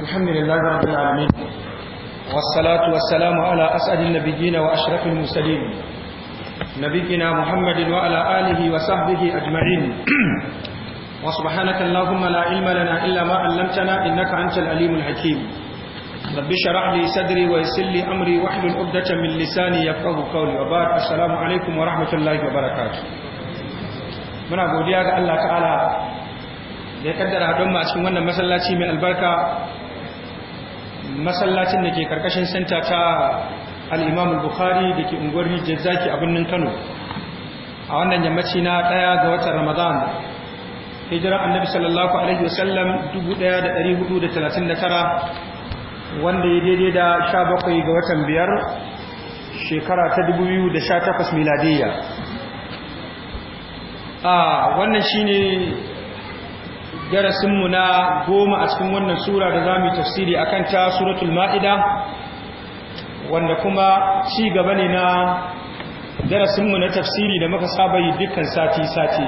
الحمد لله رب العالمين والصلاة والسلام على أسعد النبيين وأشرف المرسلين نبينا محمد وعلى آله وصحبه أجمعين وسبحانك اللهم لا علم لنا إلا ما علمتنا إنك أنت العليم الحكيم رب اشرح لي صدري ويسر لي أمري واحلل عقدة من لساني يفقهوا قولي وبارك السلام عليكم ورحمة الله وبركاته muna godiya ga Allah ta'ala da ya kaddara don masu wannan masallaci mai albarka masallacin da ke karkashin santa ta al'imamul bukhari da ke unguwar hijjar zaki a birnin kano a wannan yammaci na ɗaya ga watan ramadan hijirar annabi sallallahu alaihi wasallam 1439 wanda ya daidai da 17 ga watan biyar shekara ta 2018 miladiyya a wannan shine darasinmu na goma a cikin wannan sura da za mu yi tafsiri a kan ta suratul ma'ida wanda kuma ci gaba ne na darasinmu na tafsiri da muka saba yi dukkan sati-sati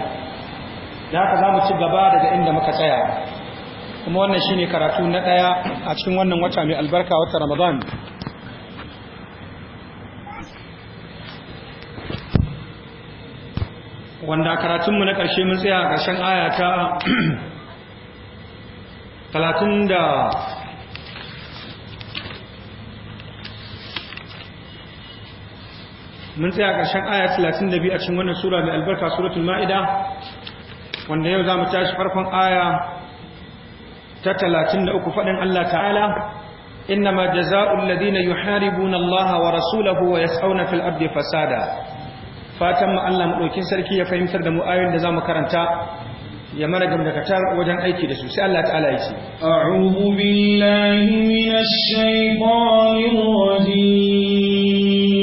da haka za mu ci gaba daga inda muka tsaya kuma wannan shi ne karatu na ɗaya a cikin wannan wata mai albarka wata ramadan wanda karatunmu na ƙarshe mun tsaya a ƙarshen aya talatin da mun tsaya ƙarshen aya talatin da biyu a cikin wannan sura mai albarka suratul ma'ida wanda yau za mu tashi farkon aya ta talatin da uku faɗin Allah ta'ala إنما جزاء الذين يحاربون الله ورسوله ويسعون في الأرض فسادا فاتم الله fahimtar سركي يفهمتر دمو za mu كرنتا ya mana gamdakatar wajen aiki da su sai Allah ta'ala ya ce a'udhu billahi minash shaitanir rajim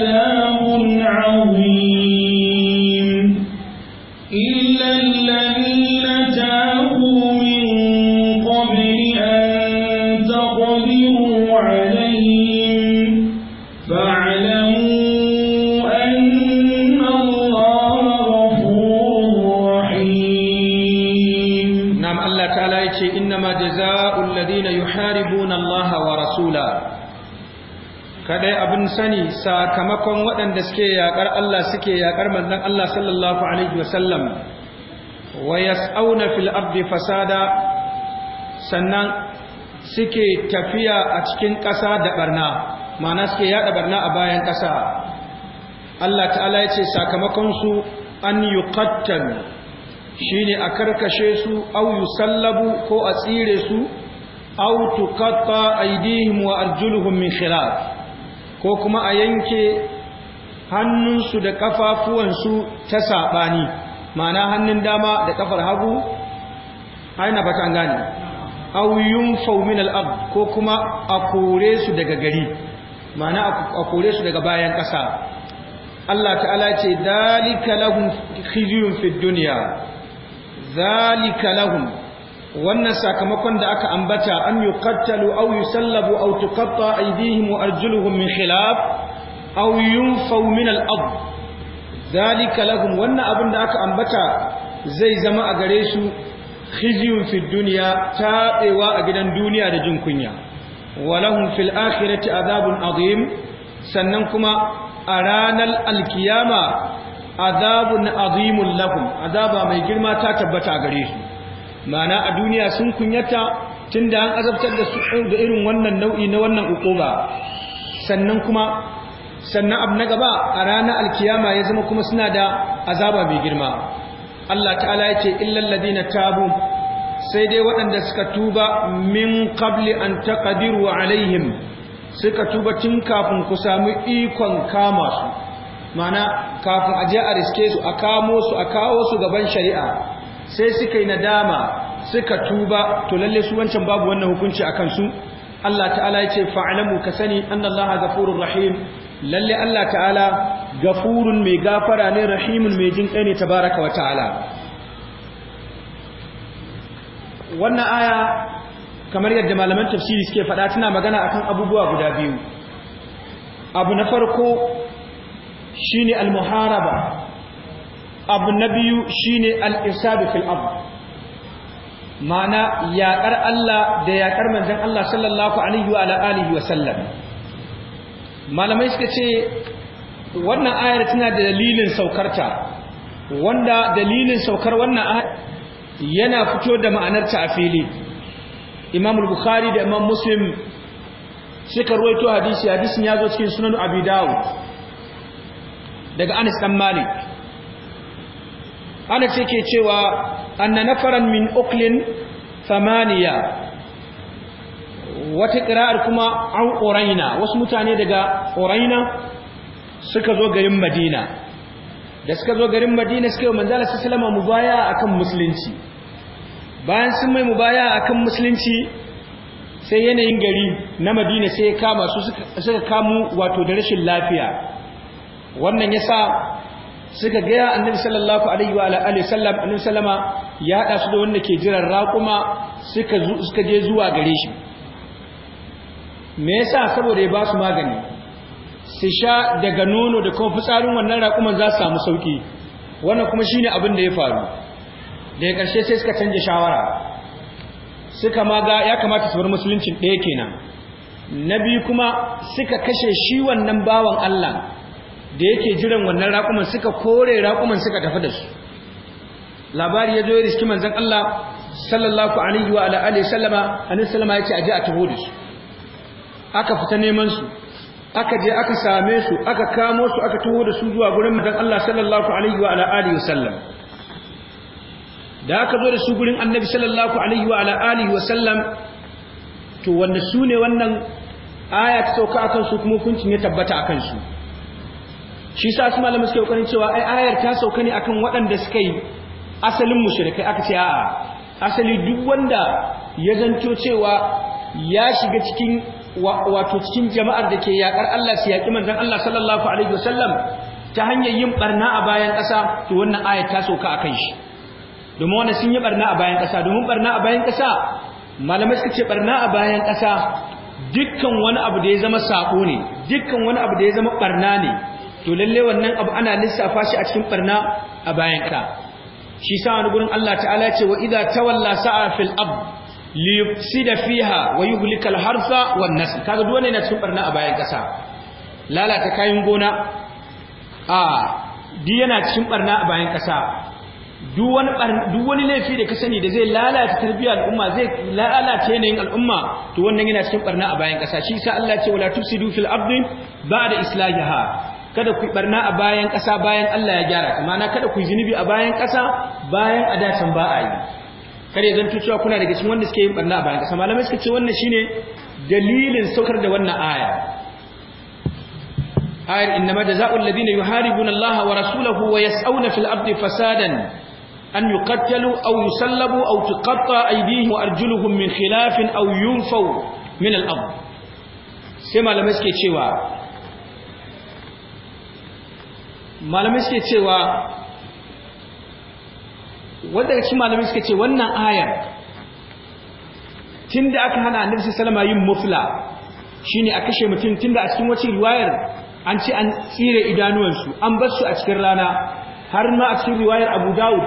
سلام عظيم sani sakamakon waɗanda suke yaƙar Allah suke yaƙar manzon Allah sallallahu alaihi wasallam wa yas'auna fil ardi fasada sannan suke tafiya a cikin ƙasa da barna ma'ana suke yaɗa barna a bayan ƙasa Allah ta'ala ya ce sakamakon su an yuqattal shine a karkashe su au yusallabu ko a tsire su au tuqatta aydihim wa arjuluhum min khilaf ko kuma a yanke hannunsu da kafafuwansu ta saɓani ma'ana hannun dama da ƙafar hagu aina ba ta gane auyun faumin al'ab ko kuma a kore su daga gari ma'ana a kore su daga bayan ƙasa Allah ta'ala ce dalika lahun khizyun fid dunya dalika lahun. wannan sakamakon da aka ambata an yuqattalu aw au aw a aydihim wa arjuluhum min khilaf aw yunfaw min al zalika lahum wannan abin da aka ambata zai zama a gare su khizyun fi duniya tabewa a gidan duniya da jin kunya wa lahum fil akhirati adhabun azim. sannan kuma a ranar alkiyama azabun azimun lahum azaba mai girma ta tabbata a gare su ma'ana a duniya sun kunyata tunda an azabtar da su da irin wannan nau'i na wannan ukuba sannan kuma sannan abu na gaba a ranar alkiyama ya zama kuma suna da azaba mai girma Allah ta'ala ya ce illal ladina tabu sai dai waɗanda suka tuba min qabli an taqdiru alaihim suka tuba tun kafin ku samu ikon kama su mana kafin a riske su a kamo su a kawo su gaban shari'a sai suka yi nadama suka tuba to lalle su wancan babu wannan hukunci akan su Allah ta'ala ya ce fa'alamu ka sani annallaha ghafurur rahim lalle Allah ta'ala gafurun mai gafara ne rahimun mai jin kai ne tabaraka wa ta'ala wannan aya kamar yadda malaman tafsiri suke faɗa tana magana akan abubuwa guda biyu abu na farko shine al-muharaba abu na biyu shine al-ifsadu fil ard ma'ana yaƙar Allah da yaƙar manzon Allah sallallahu alaihi wa alihi wa sallam malamai suka ce wannan ayar tana da dalilin saukarta wanda dalilin saukar wannan ayar yana fito da ma'anarta a fili Imam al-Bukhari da Imam Muslim suka ruwaito hadisi hadisin ya zo cikin sunan Abi Dawud daga Anas dan Malik ana ce ke cewa anna nafaran min uklin samaniya wata ƙira'ar kuma an ƙoraina wasu mutane daga ƙoraina suka zo garin madina da suka zo garin madina suka yi manzala su salama mubaya akan musulunci bayan sun mai mubaya akan musulunci sai yanayin gari na madina sai ya kama su suka kamu wato da rashin lafiya wannan ya sa suka gaya annabi sallallahu alaihi wa alihi sallam annabi sallama ya hada su da wanda ke jiran raƙuma suka suka je zuwa gare shi me yasa saboda ya ba su magani su sha daga nono da kuma fitsarin wannan raquman za su samu sauki wannan kuma shine abin da ya faru Da ya ƙarshe sai suka canja shawara suka ma ya kamata su bar musulunci ɗaya kenan na biyu kuma suka kashe shi wannan bawan Allah da yake jiran wannan raƙuman suka kore raƙuman suka tafi da su labari ya zo ya riski manzon Allah sallallahu alaihi wa ala alihi sallama annabi sallama yace aje a taho da su aka fita neman su aka je aka same su aka kamo su aka taho da su zuwa gurin manzon Allah sallallahu alaihi wa ala alihi sallam da aka zo da su gurin annabi sallallahu alaihi wa ala alihi sallam to wanda su ne wannan aya ta sauka akan su kuma hukuncin ya tabbata akan su shi sa su malamin suke kokarin cewa ai ayar ta sauka ne akan waɗanda suka yi asalin mushrikai aka ce a'a asali duk wanda ya zanto cewa ya shiga cikin wato cikin jama'ar da ke yakar Allah su yaki manzon Allah sallallahu alaihi wasallam ta hanyar yin barna a bayan ƙasa to wannan ayar ta sauka akan shi domin wannan sun yi barna a bayan ƙasa domin barna a bayan ƙasa malamai suka ce barna a bayan ƙasa dukkan wani abu da ya zama sako ne dukkan wani abu da ya zama barna ne to lalle wannan abu ana lissafa shi a cikin barna a bayan ka shi sa wani gurin Allah ta'ala ce wa idza tawalla sa'a fil ab li yufsida fiha wa yuhlika al harfa wan nasl kaga duk wannan yana cikin barna a bayan kasa lalata kayan gona a di yana cikin barna a bayan kasa duk wani duk wani laifi da ka sani da zai lalata tarbiyyar al'umma zai lalata yanayin al'umma to wannan yana cikin barna a bayan kasa shi sa Allah ce wala tufsidu fil ardi ba'da islahiha kada ku barna a bayan ƙasa bayan Allah ya gyara kuma kada ku zunubi a bayan ƙasa bayan can ba a yi kare zan cewa kuna daga cikin wanda suke yin barna a bayan ƙasa malamai suka ce wannan shine dalilin saukar da wannan aya ayar innama jazaa'ul ladina yuharibuna Allah wa rasulahu wa yas'una fil ardi fasadan an yuqattalu aw yusallabu aw tuqatta aydihim wa arjuluhum min khilafin aw yunfaw min al-ard sai malamai suke cewa malamai suke cewa wanda cikin malamai suke ce wannan ayar da aka hana annabi salama yin mufla shine a kashe mutum tun da a cikin wacce riwayar an ce an tsire idanuwansu an bar su a cikin rana har ma a cikin riwayar Abu Dawud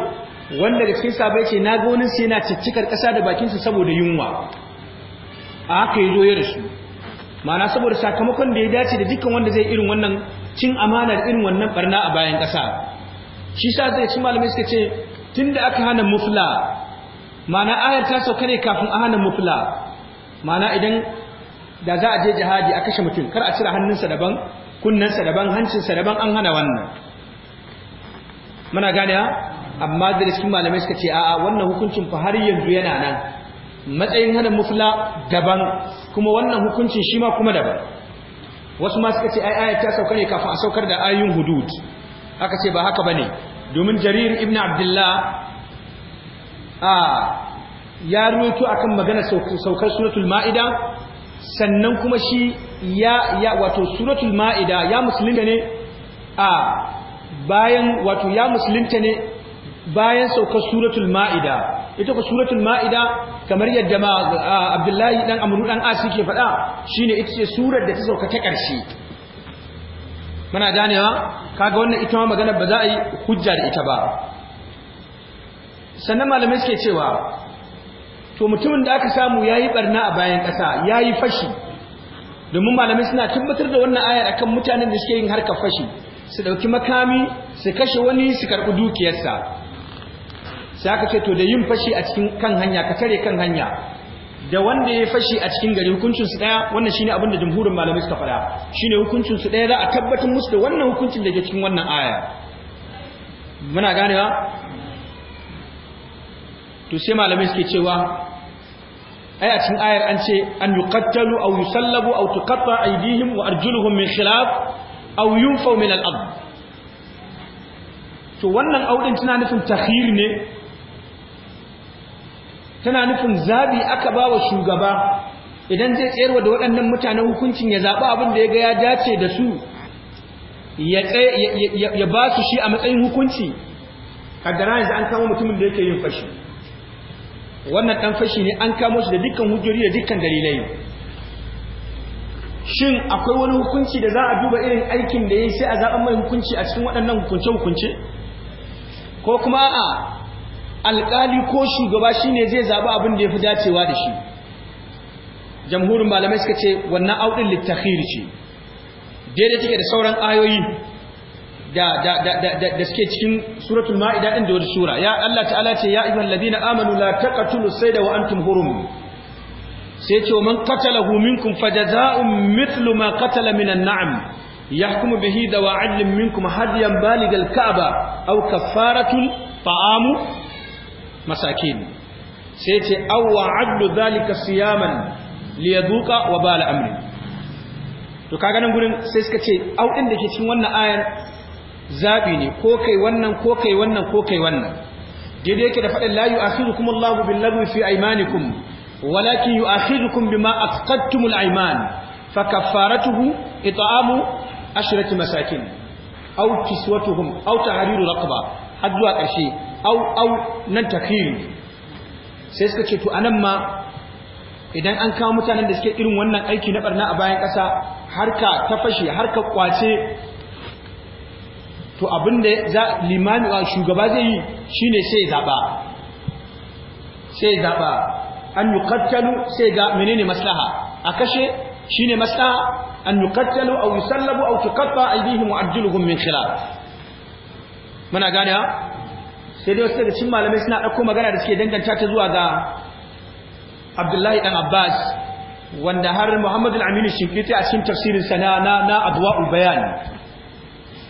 wanda daga cikin sabai ce na ga wani sai yana ciccikar kasa da bakinsa saboda yunwa a haka yazo ya rasu ma'ana saboda sakamakon da ya dace da dukkan wanda zai irin wannan cin amanar irin wannan barna a bayan ƙasa shi sa zai ci malamai suka ce tun da aka hana mufla mana ayar ta sauka ne kafin a hana mufla mana idan da za a je jihadi a kashe mutum kar a cire hannunsa daban kunnensa daban hancinsa daban an hana wannan muna gane amma da cikin malamai suka ce a'a wannan hukuncin fa har yanzu yana nan matsayin hana mufla daban kuma wannan hukuncin shi ma kuma daban wasu ma suka ce ai ayat ta sauka ne kafin a saukar da ayoyin hudud aka ce ba haka bane domin jarir ibn abdullah a ya ruwaito akan magana saukar suratul ma'ida sannan kuma shi ya ya wato suratul ma'ida ya musulunta ne a bayan wato ya musulunta ne bayan saukar suratul ma'ida ita ku suratul ma'ida kamar yadda ma abdullahi dan amru dan as yake faɗa shine ita ce surar da ta sauka ta ƙarshe muna ganewa kaga wannan ita ma magana ba za a yi hujja da ita ba sannan malamai suke cewa to mutumin da aka samu yayi barna a bayan ƙasa yayi fashi domin malamai suna tabbatar da wannan ayar akan mutanen da suke yin harkar fashi su ɗauki makami su kashe wani su karɓi dukiyarsa sai aka ce to da yin fashi a cikin kan hanya ka tare kan hanya da wanda ya fashi a cikin gari hukuncin su daya wannan shine abin da jumhurin malamai suka faɗa shine hukuncin su daya za a tabbatar musu da wannan hukuncin da ke cikin wannan aya muna ganewa to sai malamai suke cewa ai a cikin ayar an ce an yuqattalu aw yusallabu aw tuqatta aydihim wa arjuluhum min khilaf aw yunfaw min al-ard to wannan audin tana nufin takhir ne tana nufin zabi aka ba wa shugaba idan zai tsayarwa da waɗannan mutanen hukuncin ya zaɓi abin da ya ga ya dace da su ya ba su shi a matsayin hukunci kaddara yanzu an kama mutumin da yake yin fashi wannan ɗan fashi ne an kamo shi da dukkan hujjori da dukkan dalilai shin akwai wani hukunci da za a duba irin aikin da ya yi sai a zaɓen mai hukunci a cikin waɗannan hukunce-hukunce ko kuma a alƙali ko shugaba shi ne zai zaɓi abin da ya fi dacewa da shi jamhurin malamai suka ce wannan auɗin littakhir ce daidai take da sauran ayoyi da suke cikin suratul ma'ida inda wani sura ya Allah ta'ala ce ya ayyuhal ladina amanu la taqatulu sayda wa antum hurum sai ce man qatalahu minkum fajaza'un mithlu ma qatala minan na'am yahkumu bihi da 'adlin minkum hadiyan baligal ka'ba aw kafaratul ta'amu masakin sai ce awwa addu zalika siyaman liyaduqa wa bala amri to kaga nan gurin sai suka ce au din da ke cikin wannan ayar zabi ne ko kai wannan ko kai wannan ko kai wannan daidai yake da fadin la yu'akhidukum Allahu bil lagwi fi aymanikum walakin yu'akhidukum bima aqadtumul ayman fakaffaratuhu it'amu ashrati masakin aw kiswatuhum aw tahriru raqaba har zuwa ƙarshe au au nan takhiri sai suka ce to anan ma idan an kawo mutanen da suke irin wannan aiki na barna a bayan ƙasa harka ta fashe harka kwace to abin da za limami wa shugaba zai yi shine sai ya zaba sai ya zaba an yuqattalu sai ga menene maslaha a kashe shine maslaha an yuqattalu aw yusallabu aw tuqatta aydihim wa arjuluhum min khilaf muna gane ha. sai dai wasu daga cikin malamai suna ɗauko magana da suke danganta ta zuwa ga abdullahi ɗan abbas wanda har muhammadu aminu shinkiti a cikin tafsirin sana na na adwa'ul bayan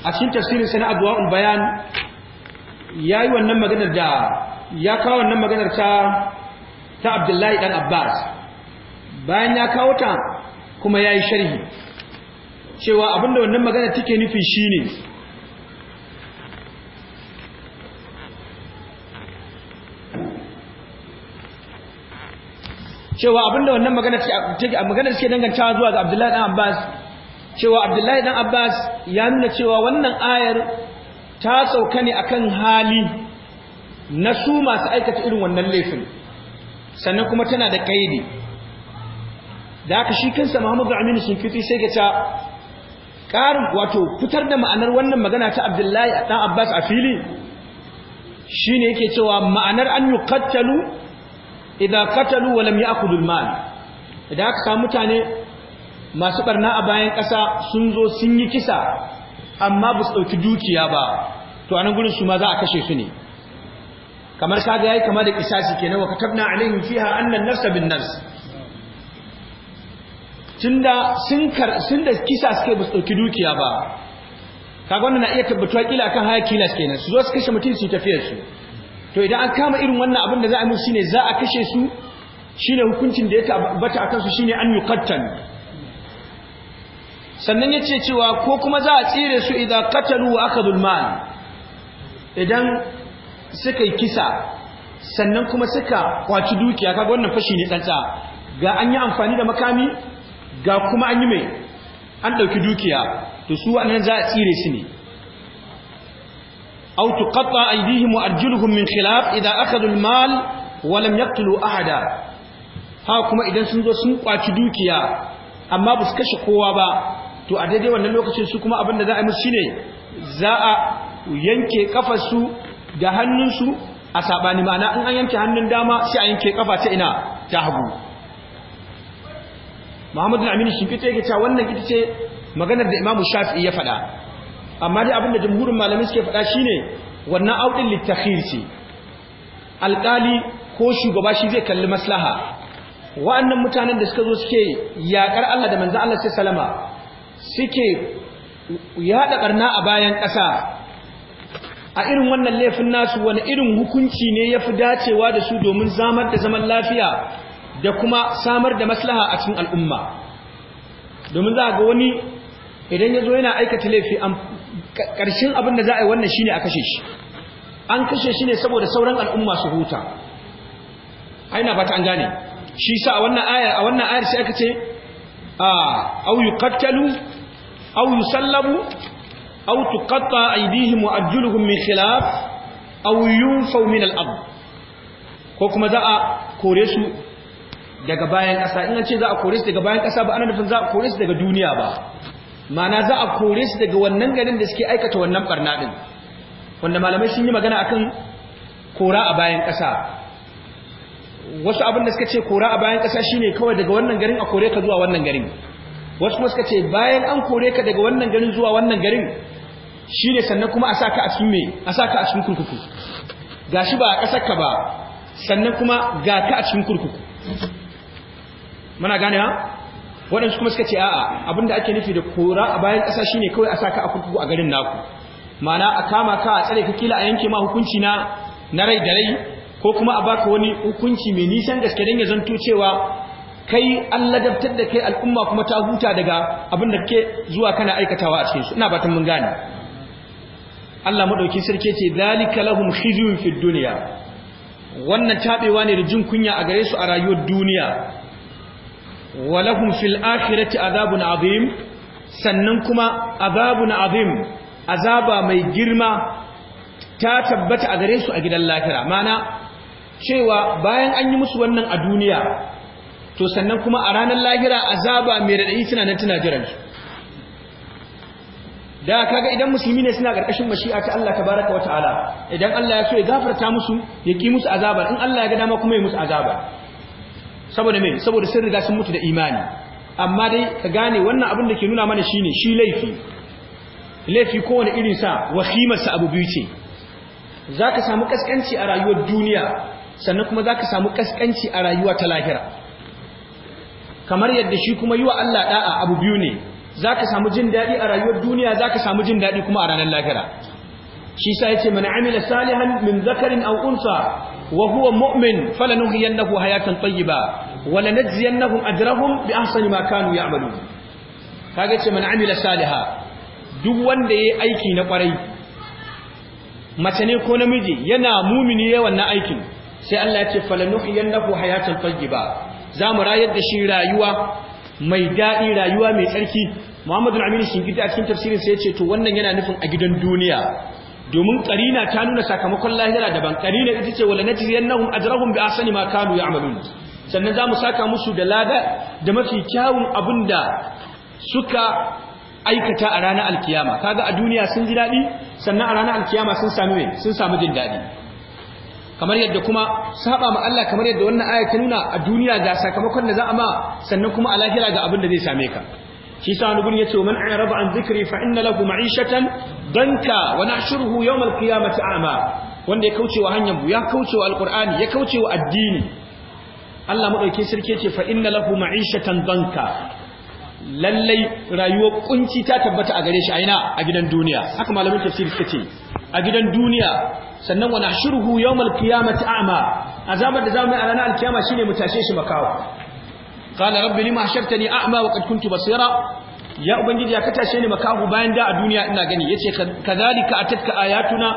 a cikin tafsirin sana adwa'ul bayan ya yi wannan maganar da ya kawo wannan maganar ta ta abdullahi ɗan abbas bayan ya kawo ta kuma ya yi sharhi cewa abinda wannan maganar take nufi shine cewa abinda wannan magana take magana take dangantawa zuwa ga Abdullahi dan Abbas cewa Abdullahi dan Abbas ya nuna cewa wannan ayar ta sauka ne akan hali na su masu aikata irin wannan laifin sannan kuma tana da kaidi da haka shi kansa Muhammadu Aminu Shinkiti sai ga ta karin wato fitar da ma'anar wannan magana ta Abdullahi dan Abbas a fili shine yake cewa ma'anar an yuqattalu idan katalu wa lam ya'khudul mal idan aka samu mutane masu barna a bayan ƙasa sun zo sun yi kisa amma ba su ɗauki dukiya ba to anan gurin su ma za a kashe su ne kamar ga yayi kama da kisasi kenan wa katabna alaihim fiha anna an-nafs bin nafs tunda sun kar sun da kisa suke ba su dauki dukiya ba kaga wannan na iya tabbatuwa kila kan haya kilas kenan su zo su kashe mutum su tafiyar su to idan an kama irin wannan abin da za a musu shine za a kashe su shine hukuncin da ya tabbata akan su shine an yuqattal sannan yace cewa ko kuma za a tsire su idan qatalu wa aka mal idan suka yi kisa sannan kuma suka kwaci dukiya kaga wannan fashi ne tsantsa ga an yi amfani da makami ga kuma an yi mai an dauki dukiya to su wannan za a tsire su ne Autu أو تقطع أيديهم وأرجلهم من خلاف إذا أخذوا المال ولم يقتلوا أحدا هاكما إذا سنزو سنقوا تدوكيا kashe kowa ba, to a daidai wannan lokacin su kuma abin da za a yi musu shine za a yanke ƙafarsu da hannunsu a sabani ma'ana in an yanke hannun dama sai a yanke kafa ta ina ta hagu Muhammadu Aminu Shinkita yake cewa wannan ita ce maganar da Imam Shafi'i ya faɗa amma dai abinda jamhurin malamai suke faɗa shine wannan audin littafin ce alƙali ko shugaba shi zai kalli maslaha wa'annan mutanen da suka zo suke yaƙar Allah da manzo Allah sai salama suke yaɗa ɓarna a bayan ƙasa a irin wannan laifin nasu wani irin hukunci ne ya fi dacewa da su domin zamar da zaman lafiya da kuma samar da maslaha a cikin al'umma domin za ga wani idan ya zo yana aikata laifi ƙarshen abin da za a yi wannan shine a kashe shi an kashe shi ne saboda sauran al'umma su huta aina ba ta an gane shi sa a wannan ayar a wannan ayar sai aka ce a au yuqattalu au yusallabu au tuqatta aydihim wa arjuluhum min khilaf au yunfaw min al-ard ko kuma za a kore su daga bayan kasa, in an ce za a kore su daga bayan kasa ba ana nufin za a kore su daga duniya ba ma'ana za a kore su daga wannan garin da suke aikata wannan barna din wanda malamai sun yi magana akan kora a bayan ƙasa wasu abin da suka ce kora a bayan ƙasa shine kawai daga wannan garin a kore ka zuwa wannan garin wasu kuma suka ce bayan an kore ka daga wannan garin zuwa wannan garin shine sannan kuma a saka a cikin me a saka a cikin kurkuku gashi ba a ƙasar ka ba sannan kuma ga ka a cikin kurkuku muna gane ha waɗansu kuma suka ce a'a abinda ake nufi da kora a bayan ƙasa shine kawai a saka a kurkuku a garin naku mana a kama ka a tsare ka kila a yanke ma hukunci na na rai da rai ko kuma a baka wani hukunci mai nisan gaske dan ya zanto cewa kai an ladabtar da kai al'umma kuma ta huta daga abin da kake zuwa kana aikatawa a cikin ina batun mun gane Allah madaukin sarki ce zalika lahum khizyun fid dunya wannan tabewa ne da jin kunya a gare su a rayuwar duniya walahum fil akhirati azabun azim sannan kuma azabun azim azaba mai girma ta tabbata a gare su a gidan lahira mana cewa bayan an yi musu wannan a duniya to sannan kuma a ranar lahira azaba mai raɗaɗi suna nan tana jiran su da kaga idan musulmi ne suna karkashin mashi'a ta Allah tabaraka wa ta'ala idan Allah ya so ya gafarta musu ya ki musu azaba in Allah ya ga dama kuma ya musu azaba saboda me saboda sun riga sun mutu da imani amma dai ka gane wannan abin da ke nuna mana shine shi laifi laifi kowane irin sa wahimarsa abu biyu ce zaka samu kaskanci a rayuwar duniya sannan kuma zaka samu kaskanci a rayuwa ta lahira kamar yadda shi kuma yiwa Allah da'a abu biyu ne zaka samu jin dadi a rayuwar duniya zaka samu jin dadi kuma a ranar lahira shi sa yace man amila salihan min zakarin aw unsa wa huwa mu'min falanuhyiyannahu hayatan tayyiba wa lanajziyannahum ajrahum bi ahsani ma kanu ya'malun kaga ce man amila saliha duk wanda yayi aiki na kwarai mace ne ko namiji yana mumini yawan na aikin sai Allah ya ce falanuhyiyannahu hayatan tayyiba zamu rayar da shi rayuwa mai daɗi rayuwa mai tsarki Muhammadu Aminu Shingidi a cikin tafsirin sai ya ce to wannan yana nufin a gidan duniya domin karina ta nuna sakamakon lahira daban karina ita ce wala najziyannahum ajrahum bi ahsani ma kanu ya'malun sannan za mu saka musu da lada da mafi kyawun abinda suka aikata a ranar alkiyama kaga a duniya sun ji dadi sannan a ranar alkiyama sun sami sun samu jin dadi kamar yadda kuma saba ma Allah kamar yadda wannan aya ta nuna a duniya ga sakamakon da za a ma sannan kuma a lahira ga abin da zai same ka shi sa wani gurin yace man a'raba an zikiri fa inna lahu ma'ishatan danka wa nahshuruhu yawm ya qiyamati a'ma wanda ya kauce wa hanyar ya kauce wa alqur'ani ya kauce wa addini Allah madauke sarki ce fa inna lahu ma'ishatan danka lallai rayuwar kunci ta tabbata a gare shi a a gidan duniya haka malamin tafsir suka ce a gidan duniya sannan wa nahshuruhu yawm ya qiyamati a'ma azabar da zamu yi a ranar alkiyama shine mu tashe shi makawa qala rabbi lima hashartani a'ma wa qad kuntu basira ya ubangiji ya katashe ni makaho bayan da a duniya ina gani ya yace kadhalika atatka ayatuna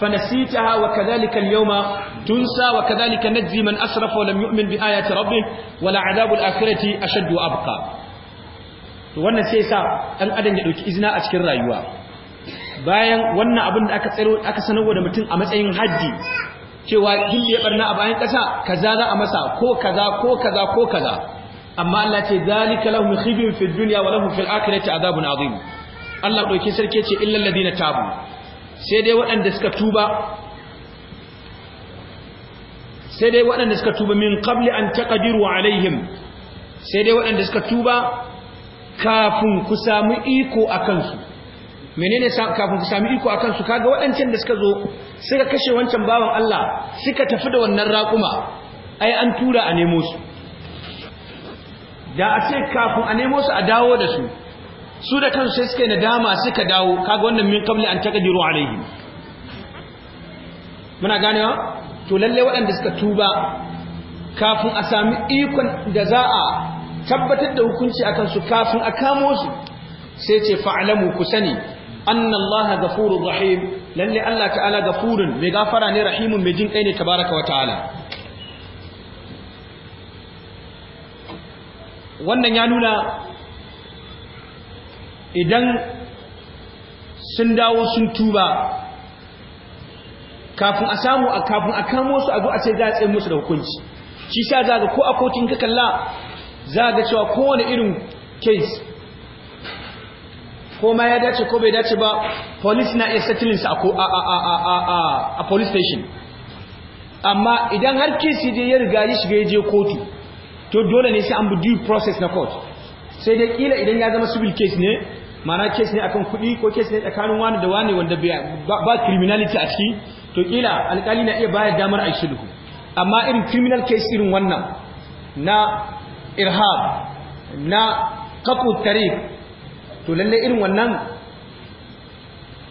fanasitaha wa kadhalika al-yawma tunsa wa kadhalika najzi man asrafa wa lam yu'min bi ayati rabbih wa la'adabu al-akhirati ashaddu abqa to wannan sai sa dan adam ya ɗauki izina a cikin rayuwa bayan wannan abin da aka tsaro aka sanarwa da mutum a matsayin haji cewa duk ya barna a bayan kasa kaza za a masa ko kaza ko kaza ko kaza amma Allah ce zalika lahum khibyun fid dunya wa lahum fil akhirati adhabun adhim Allah dauke sarki ce illal ladina tabu sai dai waɗanda suka tuba sai dai waɗanda suka tuba min qabli an taqdiru alaihim sai dai waɗanda suka tuba kafin ku samu iko akan su menene kafin ku sami iko akan su kaga waɗancan da suka zo suka kashe wancan bawan Allah suka tafi da wannan raƙuma ai an tura a nemo su da a ce kafin a nemo su a dawo da su su da kansu sai suka nadama suka dawo kaga wannan min kabli an diru alaihim muna gane ganewa to lalle waɗanda suka tuba kafin a sami ikon da za a tabbatar da hukunci akan su kafin a kamo su sai ce fa'alamu ku sani annallaha ghafurur rahim lalle Allah ta'ala ghafurun mai gafara ne rahimun mai jin kai ne tabaraka wa ta'ala wannan ya nuna idan sun dawo sun tuba kafin a samu a kafin a kamo su a zo a ce za a tsaye musu da hukunci shi sa za ga ko a kotun ka kalla za ga cewa kowane irin case ko ma ya dace ko bai dace ba police na iya settling sa a police station amma idan har kesi dai ya riga ya shiga ya je kotu to dole ne sai an bi due process na court sai dai kila idan ya zama civil case ne ma'ana case ne akan kuɗi ko case ne tsakanin wani da wani wanda ba criminality a ciki to kila alkali na iya bayar damar a sulhu amma irin criminal case irin wannan na irhab na kafu tarif to lalle irin wannan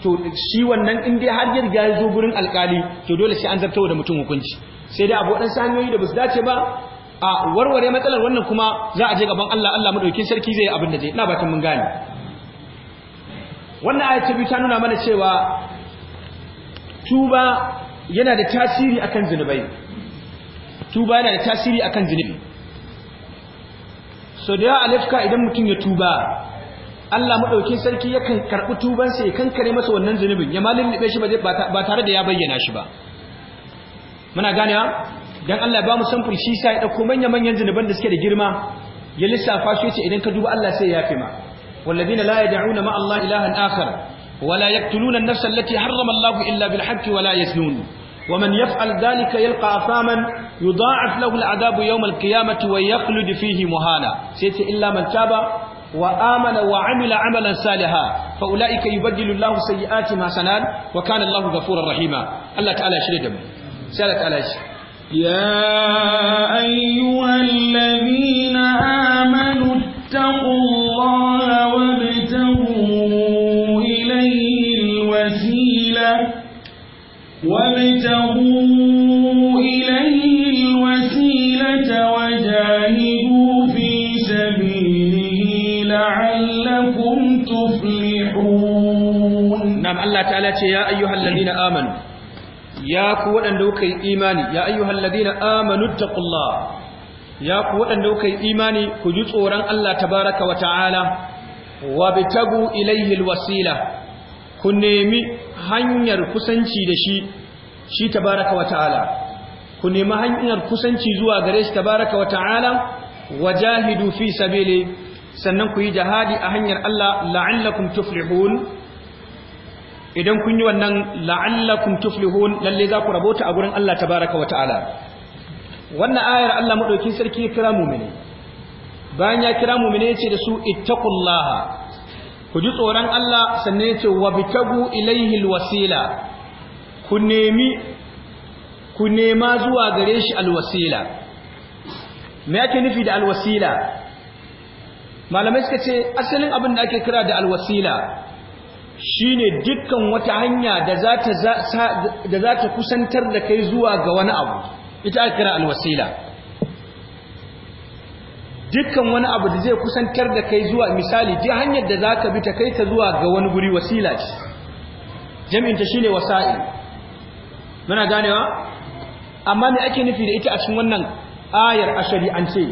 to shi wannan in dai har yarda ya zo gurin alkali to dole sai an zartawa da mutum hukunci sai dai abu waɗansu hanyoyi da ba su dace ba a warware matsalar wannan kuma za a je gaban Allah Allah madaukin sarki zai abin da zai ina batun mun gane wannan ayatu ta biyu ta nuna mana cewa tuba yana da tasiri akan zinubai tuba yana da tasiri akan zinubi so da alifka idan mutum ya tuba Allah madaukin sarki yakan karbi tubansa ya kankare masa wannan zunubin ya malin libe shi ba tare da ya bayyana shi ba muna ganewa dan Allah ba mu samfur shi sai ya dauko manyan manyan zunuban da suke da girma ya lissafa shi yace idan ka duba Allah sai ya yafe ma walladina la yad'una ma Allah ilahan akhar wala yaqtuluna an-nafsa allati harrama Allah illa bil haqqi wala yaznun ومن يفعل ذلك يلقى أثاما يضاعف له العذاب يوم القيامة ويخلد فيه مهانا سيتي إلا من تاب وآمن وعمل عملا صالحا فأولئك يبدل الله سيئاتهم حسنات وكان الله غفورا رحيما الله تعالى شريدا سالت على شيء يا أيها الذين آمنوا اتقوا الله وابتغوا إليه الوسيلة وابتغوا إليه الوسيلة وجاهدوا في سبيله لعلكم تفلحون نعم الله تعالى يا أيها الذين آمنوا ya ku waɗanda kuka yi imani ya ayyuhal ladina amanu taqullah ya ku waɗanda kuka yi imani ku ji tsoron Allah tabaraka wa ta'ala wa bitagu ilayhi alwasila ku nemi hanyar kusanci da shi shi tabaraka wa ta'ala ku nemi hanyar kusanci zuwa gare shi tabaraka wa ta'ala wajahidu fi sabili sannan ku yi jihadi a hanyar Allah la'allakum tuflihun idan kun yi wannan la'allakum tuflihun lalle za ku rabota a gurin Allah tabaraka wa ta'ala wannan ayar Allah madauki sarki ya kira mu'mini bayan ya kira mu'mini yace da su ittaqullaha ku ji tsoron Allah sannan wa bitagu ilaihi alwasila ku nemi ku nema zuwa gare shi alwasila me yake nufi da alwasila malamai suka ce asalin abin da ake kira da alwasila shine dukkan wata hanya da za ta da za ta kusantar da kai zuwa ga wani abu ita ake kira alwasila dukkan wani abu da zai kusantar da kai zuwa misali ji hanyar da zaka bi ta kai ta zuwa ga wani guri wasila ce jami'in ta shine wasa'il muna ganewa amma me ake nufi da ita a cikin wannan ayar a shari'ance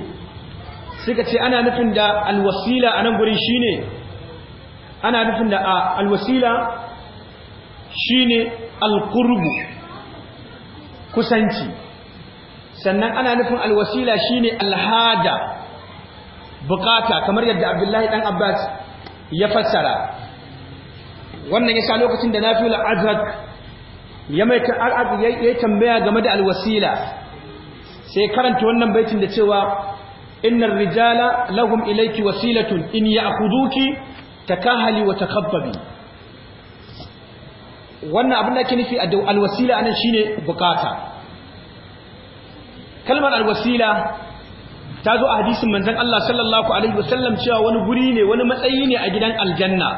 suka ce ana nufin da alwasila a nan gurin shine ana nufin da alwasila shine alqurbu kusanci sannan ana nufin alwasila shine alhada bukata kamar yadda abdullahi dan abbas ya fassara wannan yasa lokacin da nafiul azrak ya mai ya tambaya game da alwasila sai karanta wannan baitin da cewa innan rijala lahum ilaiki wasilatun in ya'khuduki takahali wa takabbabi. wannan abin da ake nufi a alwasila nan shine bukata kalmar alwasila ta zo a hadisin manzon Allah sallallahu alaihi wasallam cewa wani guri ne wani matsayi ne a gidan aljanna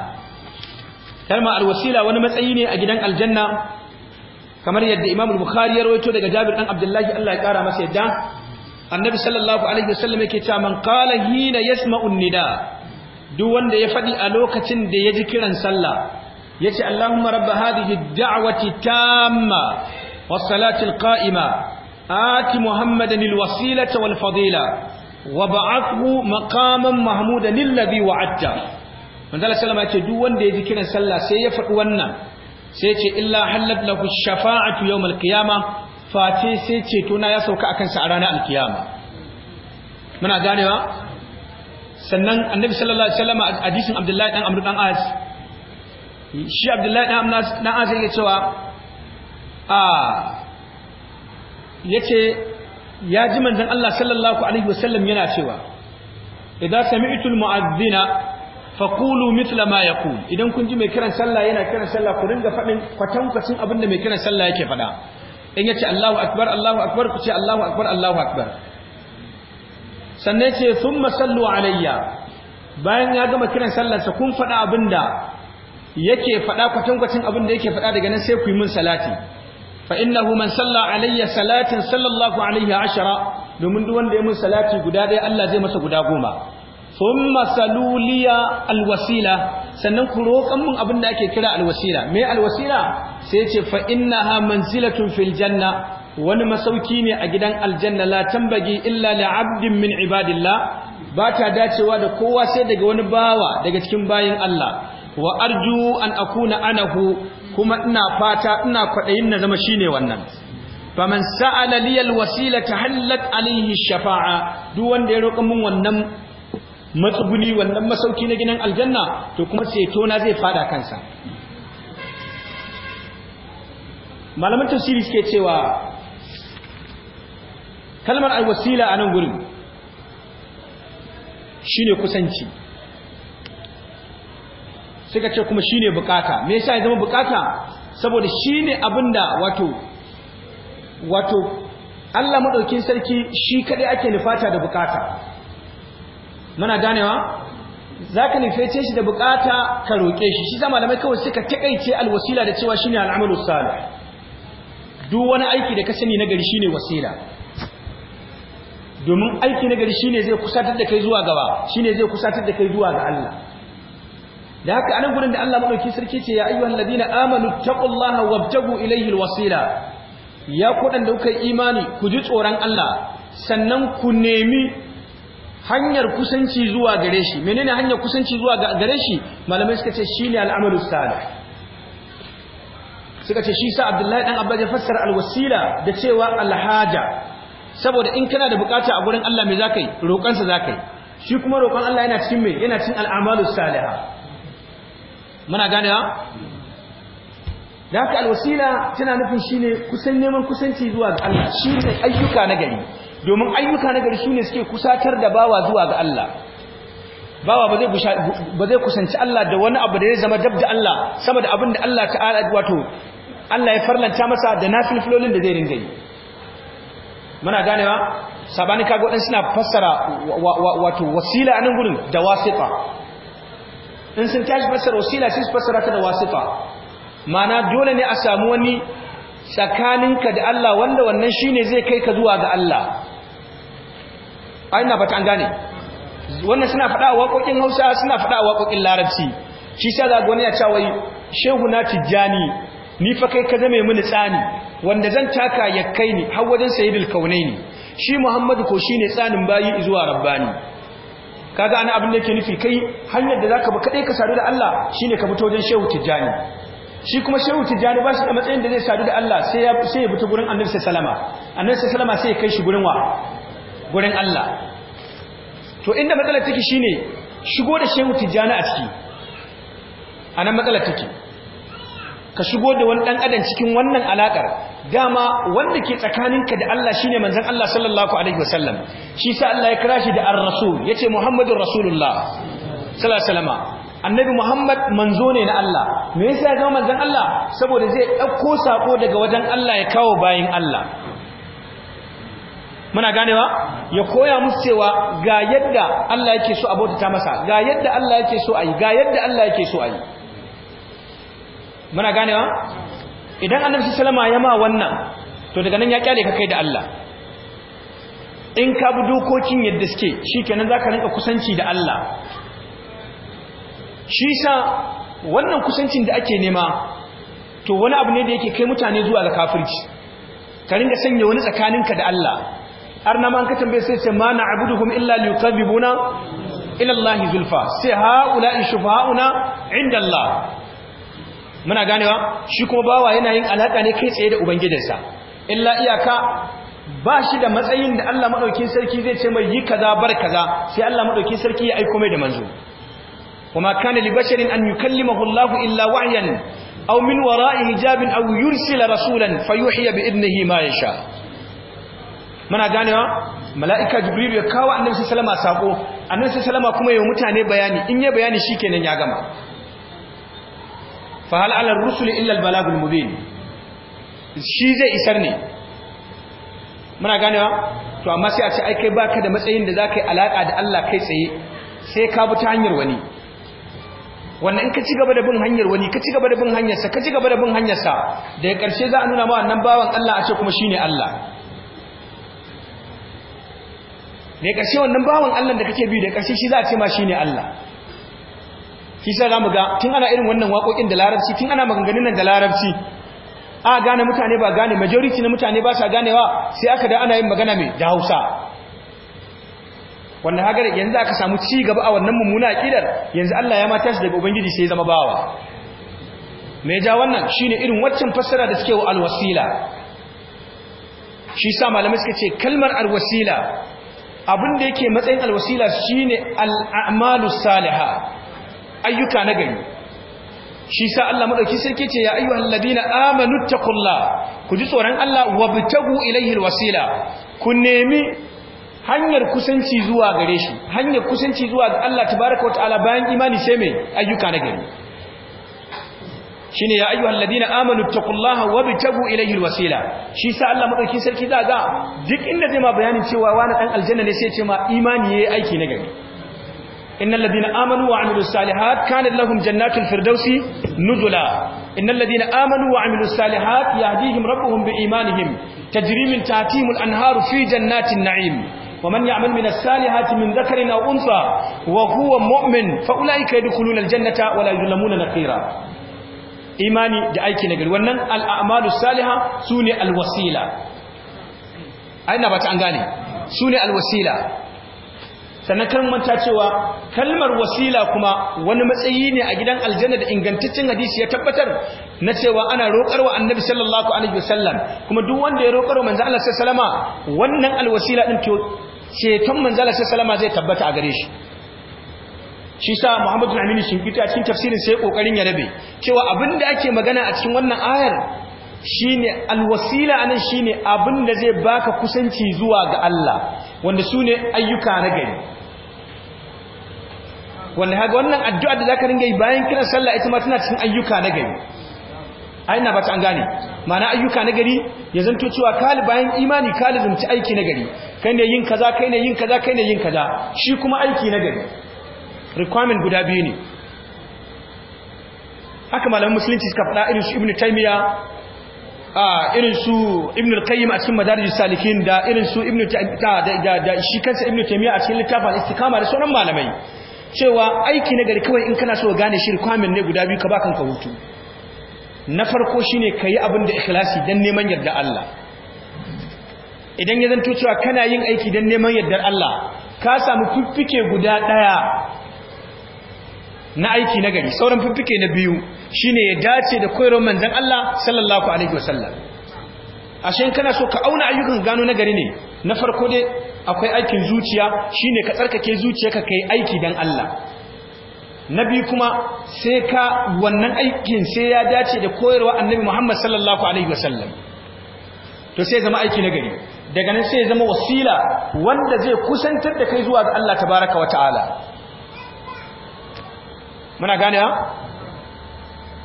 kalmar alwasila wani matsayi ne a gidan aljanna kamar yadda Imam Bukhari ya rawaito daga Jabir dan Abdullahi Allah ya kara masa yadda annabi sallallahu alaihi wasallam yake cewa man qala hina yasma'un nida duk wanda ya faɗi a lokacin da ya ji kiran sallah ya ce Allahumma rabba hadihi da'wati tamma was salati alqa'ima ati muhammadan alwasilata wal fadila wa ba'athu maqaman mahmudan alladhi wa'adta manzala sallama ya ce duk wanda ya ji kiran sallah sai ya faɗi wannan sai ce illa halat lahu shafa'atu yawm alqiyama face sai ceto na ya sauka akan sa a ranar alkiyama muna ganewa sannan annabi sallallahu alaihi wasallam hadisin abdullahi dan amr dan az shi abdullahi dan amr dan az yake cewa a yace ya ji manzon Allah sallallahu alaihi wasallam yana cewa idan sami'tu almu'adhdhina faqulu mithla ma yaqul idan kun ji mai kiran sallah yana kiran sallah ku dinga fadin kwatankwacin abin da mai kiran sallah yake fada in yace Allahu akbar Allahu akbar ku ce Allahu akbar Allahu akbar sannan ce sun masallu alayya bayan ya gama kiran sallarsa kun faɗa abin yake faɗa kwatankwacin abin da yake faɗa daga nan sai ku yi min salati fa innahu man salla salatin sallallahu alaihi ashara domin duk wanda ya min salati guda ɗaya Allah zai masa guda goma thumma saluliya alwasila sannan ku roƙan mun abinda ake kira alwasila me alwasila sai ya ce fa innaha manzilatun janna wani masauki ne a gidan aljanna la tambagi illa li abdin min ibadillah ba ta dacewa da kowa sai daga wani bawa daga cikin bayin Allah wa arju an akuna anahu kuma ina fata ina kwadayin na zama shine wannan faman sa'ala li alwasila tahallat alayhi shafa'a duk wanda ya roƙa min wannan matsuguni wannan masauki na gidan aljanna to kuma ceto na zai fada kansa Malamin tafsiri suke cewa kalmar alwasila a nan gurin shi ne kusanci suka ce kuma shi ne bukata me yasa ya zama bukata saboda shi ne abinda wato wato Allah maɗaukin sarki shi kaɗai ake nufata da bukata muna ganewa za ka nufece shi da bukata ka roƙe shi shi zama da mai kawai suka taƙaice alwasila da cewa shi ne al'amalus salih duk wani aiki da ka sani na gari shi ne wasila domin aiki na gari shine zai kusatar da kai zuwa gaba shine zai kusatar da kai zuwa ga Allah da haka anan gurin da Allah madauki sarki ce ya ayyuhal ladina amanu taqullaha wabtagu ilayhi alwasila ya kuɗan da kuka imani ku ji tsoron Allah sannan ku nemi hanyar kusanci zuwa gare shi menene hanyar kusanci zuwa gare shi malamai suka ce shine al'amalu salih suka ce shi sa Abdullahi dan Abba ya fassara alwasila da cewa alhaja saboda in kana da bukata a gurin Allah me zakai yi roƙon sa zaka yi shi kuma roƙon Allah yana cikin me yana cikin al'amalus salihah muna gane ha da haka alwasila tana nufin shine kusan neman kusanci zuwa ga Allah shine ayyuka na gari domin ayyuka na gari shine suke kusatar da bawa zuwa ga Allah bawa ba zai ba zai kusanci Allah da wani abu da ya zama dab da Allah sama da abin da Allah ta'ala wato Allah ya farlanta masa da filolin da zai ringa yi muna ganewa sabani kago wadansu suna fassara wato wasila anan gurin da wasita in sun tashi fassara wasila sai su fassara ta da wasita ma'ana dole ne a samu wani tsakaninka da Allah wanda wannan shine zai kai ka zuwa ga Allah aina ba ta gane wannan suna fada a waƙoƙin Hausa suna fada a waƙoƙin Larabci shi sa ga wani ya cewa shehu na tijjani ni fa kai ka zame mini tsani wanda zan taka ya kai ni har wajen sayyidul kaunaini shi muhammadu ko shine tsanin bayi zuwa rabbani kaga ana abin da yake nufi kai hanyar da zaka ba kadai ka sadu da Allah shine ka fito wajen shehu tijani shi kuma shehu tijani ba shi da matsayin da zai sadu da Allah sai ya sai ya fito gurin annabi sallama annabi sallama sai ya kai shi gurin wa gurin Allah to inda matsalar take shine shigo da shehu tijani a ciki anan matsalar take ka shigo da wani dan adam cikin wannan alakar dama wanda ke tsakaninka da Allah shine manzon Allah sallallahu alaihi wasallam shi sa Allah ya kira shi da ar-rasul yace muhammadur rasulullah sallallahu alaihi wasallam annabi muhammad manzo ne na Allah me yasa ya zama manzon Allah saboda zai dauko sako daga wajen Allah ya kawo bayin Allah muna ganewa ya koya musu cewa ga yadda Allah yake so a ta masa ga yadda Allah yake so a ga yadda Allah yake so ayi. muna ganewa idan annabi sallama ya ma wannan to daga nan ya kyale ka kai da Allah in ka bi dokokin yadda suke shikenan zaka rinka kusanci da Allah shi sa wannan kusancin da ake nema to wani abu ne da yake kai mutane zuwa ga kafirci ka ringa sanya wani tsakaninka da Allah har na an ka tambaye sai ce ma na'buduhum illa liqadibuna ila Allah zulfa sai haula ula'i shufauna inda Allah muna ganewa shi kuma bawa yana yin alaka ne kai tsaye da ubangijinsa illa iyaka ba shi da matsayin da Allah madaukin sarki zai ce mai yi kaza bar kaza sai Allah madaukin sarki ya aika mai da manzo kuma kana li basharin an yukallimahu Allah illa wahyan aw min wara'i hijabin aw yursila rasulan fayuhiya bi idnihi ma yasha muna ganewa mala'ika jibril ya kawo annabi sallama sako annabi sallama kuma ya mutane bayani in ya bayani shikenan ya gama fa hal ala rusul illa al balagul mubin shi zai isar ne muna ganewa to amma sai a ce ai kai baka da matsayin da zaka yi alaka da Allah kai tsaye sai ka bi ta hanyar wani wannan in ka ci gaba da bin hanyar wani ka ci gaba da bin hanyarsa ka ci gaba da bin hanyarsa da ya karshe za a nuna ma wannan bawan Allah a ce kuma shine Allah da ya karshe wannan bawan Allah da kake bi da karshe shi za a ce ma shine Allah kisa za mu ga tun ana irin wannan waƙoƙin da larabci tun ana maganganun nan da larabci a gane mutane ba gane majority na mutane ba sa ganewa sai aka da ana yin magana mai da hausa wannan hagar yanzu aka samu ci gaba a wannan mummuna ƙidar yanzu Allah ya mata shi daga ubangiji sai zama bawa mai ja wannan shine irin waccan fassara da suke wa alwasila shi sa malamai suka ce kalmar alwasila abin da yake matsayin alwasila shi ne al'amalu Saliha. ayyuka na gari shi sa Allah madauki sarki ce ya ayyuhal ladina amanu taqullah ku ji tsoron Allah wabtagu ilayhi alwasila ku nemi hanyar kusanci zuwa gare shi hanyar kusanci zuwa ga Allah tabaaraka wataala bayan imani sai me ayyuka na gari shine ya ayyuhal ladina amanu taqullaha wabtagu ilayhi alwasila shi sa Allah madauki sarki za ga duk inda zai ma bayanin cewa wani dan aljanna ne sai ya ce ma imani yayi aiki na gari innal ladina amanu wa amilus salihat kana lahum jannatul firdausi nuzula innal ladina amanu wa amilus salihat yahdihim rabbuhum biimanihim tajri min tahtihim al anharu fi jannatin na'im ومن يعمل من الصالحات من ذكر أو أنثى وهو مؤمن فأولئك يدخلون الجنة ولا يظلمون نقيرا imani da aiki na gari wannan al'amalu saliha su ne alwasila aina ba ta an gane su ne alwasila sannan kan manta cewa kalmar wasila kuma wani matsayi ne a gidan aljanna da ingantaccen hadisi ya tabbatar na cewa ana roƙar wa annabi sallallahu alaihi wasallam kuma duk wanda ya roƙar manzo Allah sallallahu alaihi wasallama wannan alwasila din to ceton manzo Allah sallallahu alaihi wasallama zai tabbata a gare shi shi sa Muhammadu Aminu Shinkiti a cikin tafsirin sai kokarin ya rabe cewa abinda ake magana a cikin wannan ayar shine alwasila anan shine abinda zai baka kusanci zuwa ga Allah wanda sune ayyuka na gari wanda haga wannan addu’ar da zaka ringa yi bayan kiran sallah ita ma tana cikin ayyuka na gari ai ina bata an gane ma'ana ayyuka na gari ya zanto cewa kali bayan imani kali ci aiki na gari kai ne yin kaza kai ne yin kaza kai ne yin kaza shi kuma aiki na gari requirement guda biyu ne haka malamin musulunci suka faɗa irin su ibnu taymiya irin su ibn al-qayyim a cikin madarijus salikin da irin su ibn da shi kansa ibn taymiya a cikin littafin al-istiqama da sauran malamai cewa aiki na gari kawai in kana so gane shi kwamin ne guda biyu ka ba ka hutu na farko shine yi abin da ikhlasi don neman yarda Allah idan ya zanto cewa kana yin aiki don neman yardar Allah ka samu fiffike guda daya na aiki na gari sauran fiffike na biyu shine ya dace da koyarwar manzon Allah sallallahu alaihi wasallam ashe kana so ka auna ayyukan gano na gari ne na farko dai akwai aikin zuciya shine ka tsarkake ka kai aiki dan Allah na biyu kuma sai ka wannan aikin sai ya dace da koyarwa annabi Muhammad sallallahu alaihi wasallam to sai zama aiki na gari daga nan sai zama wasila wanda zai kusantar da kai zuwa ga Allah tabaraka wa ta'ala muna gane ha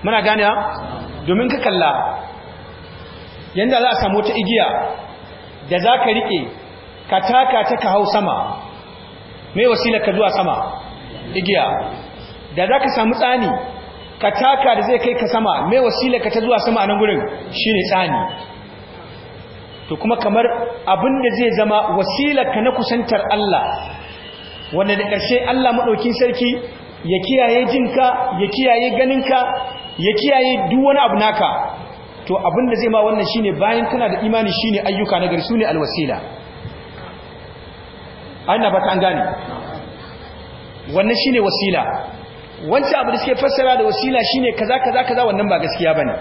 muna gane ha domin ka kalla yanda za a samu wata igiya da za ka riƙe. ka taka ta ka hau sama mai wasila ka zuwa sama igiya da za ka samu tsani ka taka da zai kai ka sama mai wasila ka ta zuwa sama a nan gurin shi ne tsani to kuma kamar abin da zai zama wasilar ka na kusantar Allah wanda da ƙarshe Allah maɗaukin sarki ya kiyaye jinka ya kiyaye ganinka ya kiyaye duk wani abu naka to abin da zai ma wannan shi ne bayan kana da imani ne ayyuka na gari su ne alwasila a yana ba gane wannan shine wasila wancan abu da suke fassara da wasila shine kaza kaza kaza wannan ba gaskiya ba ne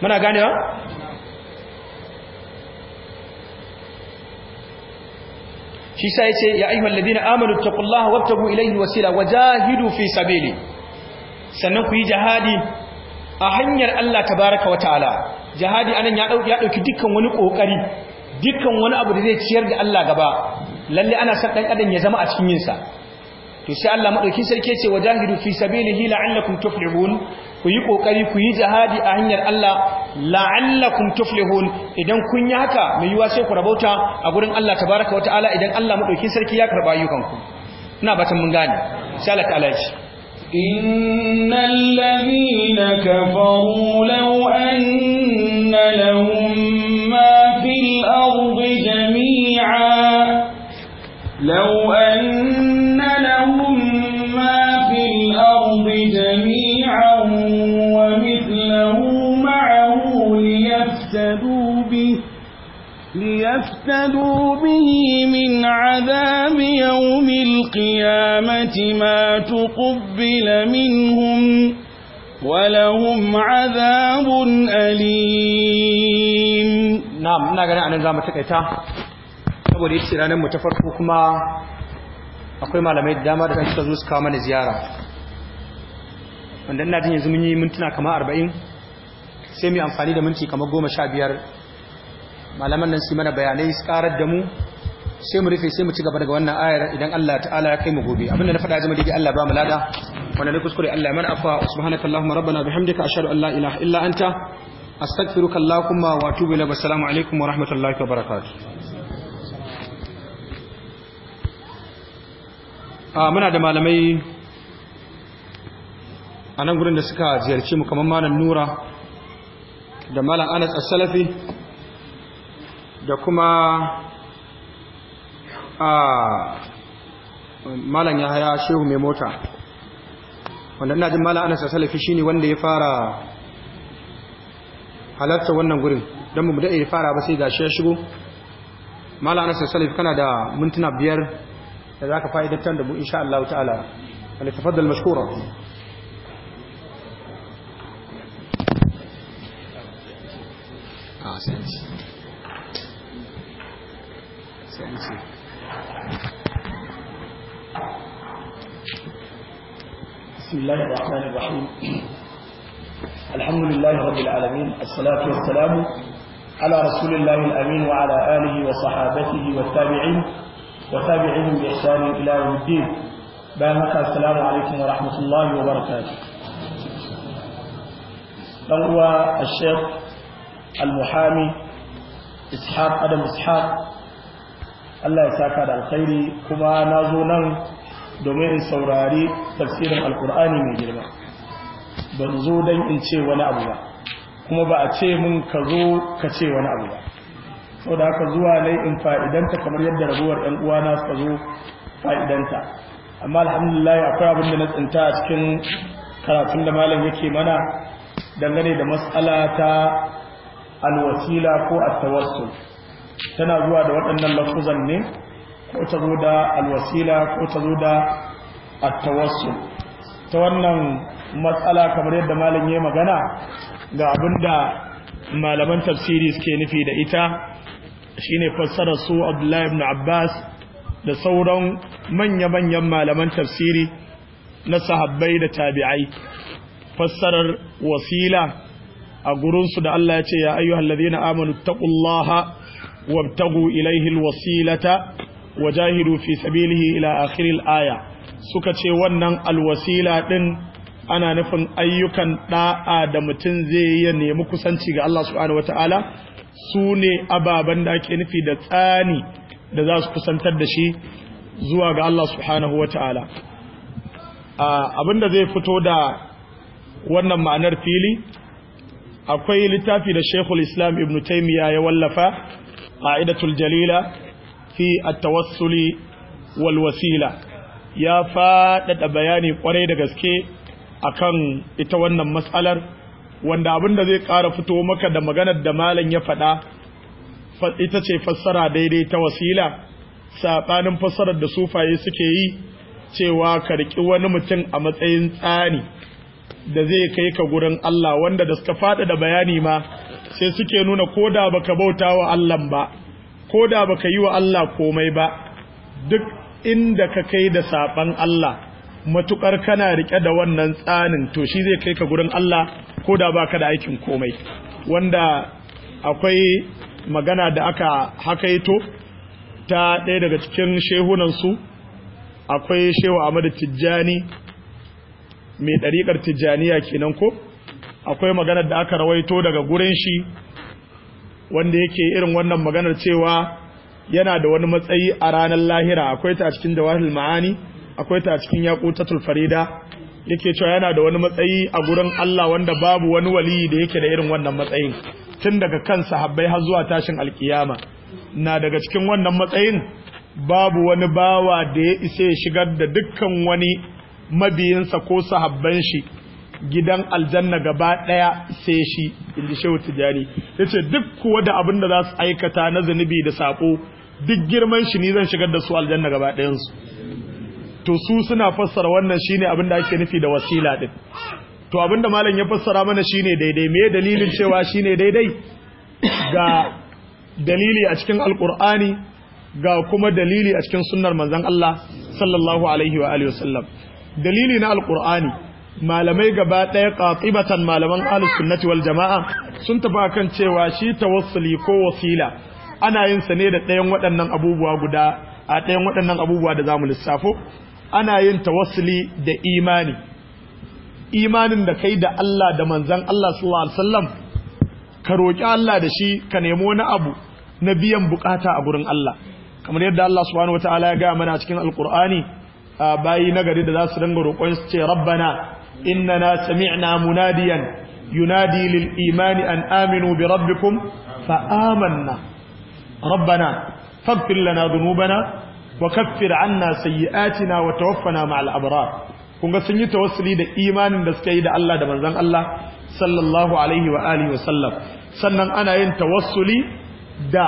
muna ganewa shi sa ya ce ya ayyuhal ladina amanu taqullaha wabtagu ilayhi wasila wajahidu fi sabili sannan ku yi jihadi a hanyar Allah tabaraka wa ta'ala jihadi anan ya dauki dukkan wani kokari dukkan wani abu da zai ciyar da Allah gaba lalle ana son dan adam ya zama a cikin yinsa to sai Allah madauki sarki ce wajahidu fi sabilihi la'allakum tuflihun ku yi kokari ku yi jihadi a hanyar Allah la'allakum tuflihun idan kun yi haka mai yiwa sai ku rabauta a gurin Allah tabaaraka wataala idan Allah madauki sarki ya karba ayyukanku ina batan mun gane sai Allah ta'ala ya إن الذين كفروا لو أن لهم لو أن لهم ما في الأرض جميعا ومثله معه ليفتدوا به ليفتدوا به من عذاب يوم القيامة ما تقبل منهم ولهم عذاب أليم نعم نعم نعم نعم نعم saboda yace ranar mu ta farko kuma akwai malamai da dama da kan suka zo su kawo mana ziyara wanda ina jin yanzu mun yi mintuna kamar 40 sai mu amfani da minti kamar 15 malaman nan su mana bayanai su karar da mu sai mu rufe sai mu ci gaba daga wannan ayar idan Allah ta'ala ya kai mu gobe abin da na faɗa zama dai Allah ba mu lada wanda ne kuskure Allah ya mana afwa subhanaka allahumma rabbana bihamdika ashhadu an la ilaha illa anta astaghfiruka allahumma wa atubu ilayka assalamu alaikum wa rahmatullahi wa barakatuh muna da malamai a nan gurin da suka ziyarci mu kamar malam nura da malam anas as-salafi da kuma a malam yahaya shehu mai mota wanda ina jin malam anas as-salafi shine wanda ya fara halarta wannan gurin don mu da ya fara ba sai shi ya shigo malam anas as-salafi kana da mintuna biyar da فائدة تندب إن شاء الله تعالى Allah ta'ala مشكورا آه، بسم الله الرحمن الرحيم الحمد لله رب العالمين الصلاة والسلام على رسول الله الأمين وعلى آله وصحابته والتابعين وتابعهم بإحسان إلى يوم الدين بارك السلام عليكم ورحمة الله وبركاته هو الشيخ المحامي إسحاق أدم إسحاق Allah ya saka da alkhairi kuma na zo nan domin in saurari tafsirin alkur'ani mai girma ban zo in ce wani abu ba kuma ba a ce mun ka zo ka ce wani abu ba sau da haka zuwa ne in fa'idanta kamar yadda rabuwar ‘yan uwana suka zo fa'idanta amma alhamdulillah akwai abin da na tsinta a cikin karatun da malam yake mana dangane da matsala ta alwasila ko attawassul tana zuwa da waɗannan lafuzan ne ko ta zo da alwasila ko ta zo da attawassul ta wannan matsala kamar yadda malam ya magana ga abin da malaman tafsiri suke nufi da ita shine fassarar su Abdullahi ibn Abbas da sauran manya-manyan malaman tafsiri na sahabbai da tabi'ai fassarar wasila a gurinsu da Allah ya ce ya ayyuhal na amanu ta'ullaha wabtagu ilayhi alwasilata wajahidu fi sabilihi ila akhiril aya suka ce wannan alwasila din ana nufin ayyukan ɗa'a da mutum zai yi nemi kusanci ga Allah subhanahu wataala su ne ababen da ake nufi da tsani da za su kusantar da shi zuwa ga Allah subhanahu wa ta'ala abinda zai fito da wannan ma'anar fili akwai littafi da shekul islam ibn taimiyya ya wallafa a idatul jalila fi a wal wasila ya faɗaɗa bayani ƙwarai da gaske akan ita wannan matsalar wanda abin da zai ƙara fito maka da maganar da malam ya faɗa ita ce fassara daidai ta wasila saɓanin fassarar da sufaye suke yi cewa karki wani mutum a matsayin tsani da zai kai ka gurin Allah wanda da suka faɗa da bayani ma sai suke nuna ko da ba ka bauta wa Allah ba ko da ba ka yi wa Allah komai ba duk inda ka kai da saɓan Allah matuƙar kana riƙe da wannan tsanin to shi zai kai ka gurin Allah ko da baka da aikin komai wanda akwai magana da aka hakaito ta ɗaya daga cikin shehunansu akwai shehu Amadu Tijjani mai ɗariƙar Tijjaniya kenan ko akwai magana da aka rawaito daga gurin shi wanda yake irin wannan maganar cewa yana da wani matsayi a ranar lahira akwai ta cikin jawahil ma'ani akwai ta a cikin yaqutatul farida yake cewa yana da wani matsayi a gurin Allah wanda babu wani wali da yake da irin wannan matsayin tun daga kan sahabbai har zuwa tashin alkiyama na daga cikin wannan matsayin babu wani bawa da ya isa ya shigar da dukkan wani mabiyinsa ko sahabban shi gidan aljanna gaba daya sai shi inda shehu tijari yace duk kuwa da abin da za su aikata na zunubi da sako duk girman shi ne zan shigar da su aljanna gaba ɗayan to su suna fassara wannan shine abin da ake nufi da wasila din to abin da malam ya fassara mana shine daidai me dalilin cewa shine daidai ga dalili a cikin alqur'ani ga kuma dalili a cikin sunnar manzon Allah sallallahu alaihi wa alihi wasallam dalili na alkur'ani malamai gaba ɗaya qatibatan malaman ahlus sunnati wal jamaa sun tafi kan cewa shi tawassuli ko wasila ana yin sa ne da ɗayan waɗannan abubuwa guda a ɗayan waɗannan abubuwa da zamu lissafo ana yin tawassuli da imani imanin da kai da Allah da manzan Allah sallallahu alaihi wasallam ka roki Allah da shi ka nemo wani abu na biyan bukata a gurin Allah kamar yadda Allah subhanahu wataala ya ga mana cikin alqur'ani bayi nagari da za su dinga roƙon su ce rabbana innana sami'na munadiyan yunadi lil imani an aminu bi rabbikum fa amanna rabbana faghfir lana dhunubana wa kaffir anna sayyi'atina wa tawaffana ma'al abrar kun ga sun yi tawassuli da imanin da suka yi da Allah da manzon Allah sallallahu alaihi wa alihi wa sallam sannan ana yin tawassuli da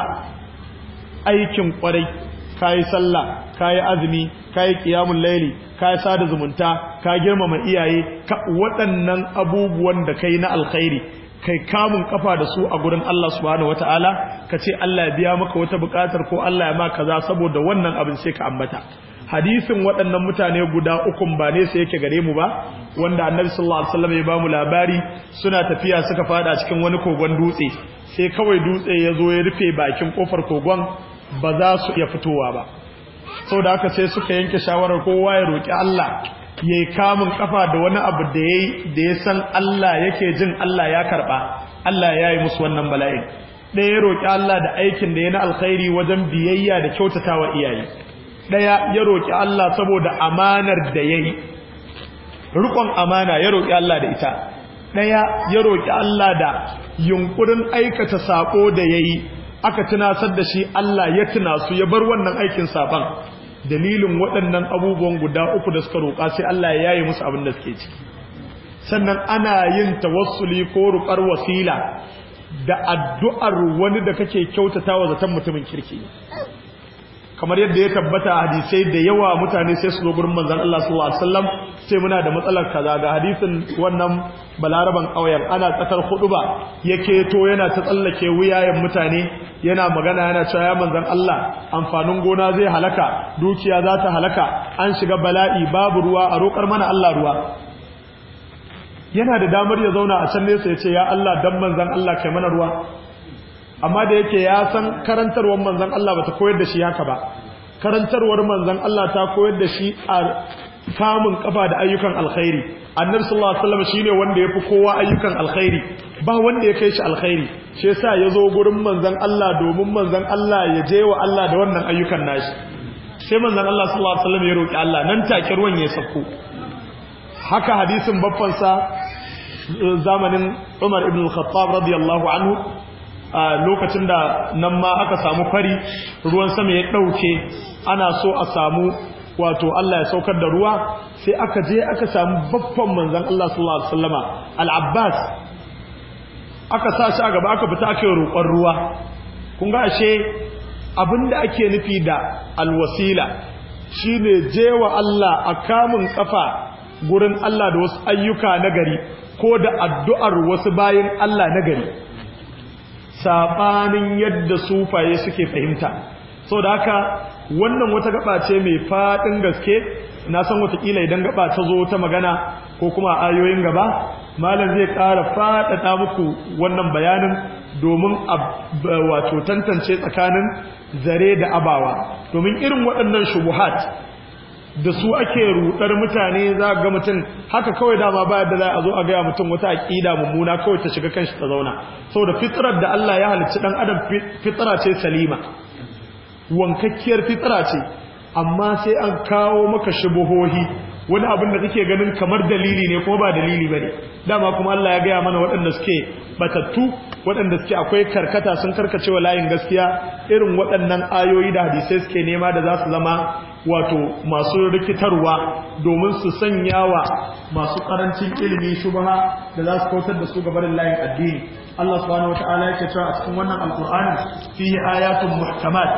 aikin kwarai kayi sallah kayi azumi kayi qiyamul layli kayi sada zumunta ka girmama iyaye ka waɗannan abubuwan da kai na alkhairi kai kamun kafa da su a gurin Allah subhanahu wataala ka ce Allah ya biya maka wata bukatar ko Allah ya ma kaza saboda wannan abin sai ka ambata hadisin waɗannan mutane guda ukun ba ne sai yake gare mu ba wanda annabi sallallahu alaihi wasallam ya ba mu labari suna tafiya suka fada cikin wani kogon dutse sai kawai dutse ya zo ya rufe bakin kofar kogon ba za su iya fitowa ba saboda haka sai suka yanke shawarar kowa ya roki Allah ya yi kamun kafa da wani abu da ya da ya san Allah yake jin Allah ya karba Allah ya yi musu wannan bala'in ɗaya ya roƙi Allah da aikin da ya na alkhairi wajen biyayya da kyautatawa iyaye ɗaya ya roƙi Allah saboda amanar da ya yi rukon amana ya roƙi Allah da ita ɗaya ya roƙi Allah da yunƙurin aikata saƙo da ya yi aka tunasar da shi Allah ya tuna su ya bar wannan aikin saban dalilin waɗannan abubuwan guda uku da suka roƙa sai Allah ya yi musu abin da suke ciki sannan ana yin tawassuli ko ruƙar wasila da addu'ar wani da kake kyautata wa zaton mutumin kirki kamar yadda ya tabbata a hadisai da yawa mutane sai su zo gurin manzon Allah sallallahu alaihi wasallam sai muna da matsalar kaza ga hadisin wannan balaraban ƙauyen ana tsakar ba. yake to yana ta tsallake wuyayen mutane yana magana yana caya ya Allah amfanin gona zai halaka dukiya za ta halaka an shiga bala'i babu ruwa a roƙar mana Allah ruwa yana da damar ya zauna a can nesa ya ce ya Allah dan manzan Allah kai mana ruwa amma da yake ya san karantarwar Manzan Allah bata koyar da shi haka ba karantarwar Manzan Allah ta koyar da shi a kamun kafa da ayyukan alkhairi annabi sallallahu alaihi wasallam shine wanda yafi kowa ayyukan alkhairi ba wanda ya kai shi alkhairi shi yasa yazo gurin Manzan Allah domin Manzan Allah ya je wa Allah da wannan ayyukan nashi sai Manzan Allah sallallahu alaihi wasallam ya roki Allah nan take ruwan ya sako haka hadisin babban sa eh, zamanin Umar ibn al-Khattab radiyallahu anhu a lokacin da nan ma aka samu fari ruwan sama ya ɗauke ana so a samu wato Allah ya saukar da ruwa sai aka je aka samu babban manzan Allah sallallahu alaihi wasallama al-Abbas aka sa shi a gaba aka fita aka yi roƙon ruwa kun ga ashe da ake nufi da alwasila shine wa Allah a kamun kafa gurin Allah da wasu ayyuka na gari ko da addu'ar wasu bayan Allah na gari saɓanin yadda sufaye suke fahimta sau da haka wannan wata gaba ce mai faɗin gaske na san watakila idan gaba ta zo ta magana ko kuma ayoyin gaba malam zai ƙara faɗaɗa muku wannan bayanin domin wato tantance tsakanin zare da abawa domin irin waɗannan shubuhat da su ake rudar mutane za ga mutum haka kawai dama ba da za a zo a gaya mutum wata aƙida mummuna kawai ta shiga kanshi ta zauna saboda fitrar da Allah ya halicci dan adam fitara ce salima wankakkiyar fitra ce amma sai an kawo maka shi buhohi. wani abin da kake ganin kamar dalili ne ko ba dalili ba ne. dama kuma Allah ya gaya mana waɗanda suke batattu waɗanda suke akwai karkata sun karkacewa layin gaskiya irin waɗannan ayoyi da hadisai suke nema da za su zama wato masu rikitarwa domin su sanya wa masu ƙarancin ilimi shubha da za su kautar da su gabarin layin addini Allah subhanahu wata'ala yake cewa a cikin wannan alqur'ani fihi ayatun muhkamat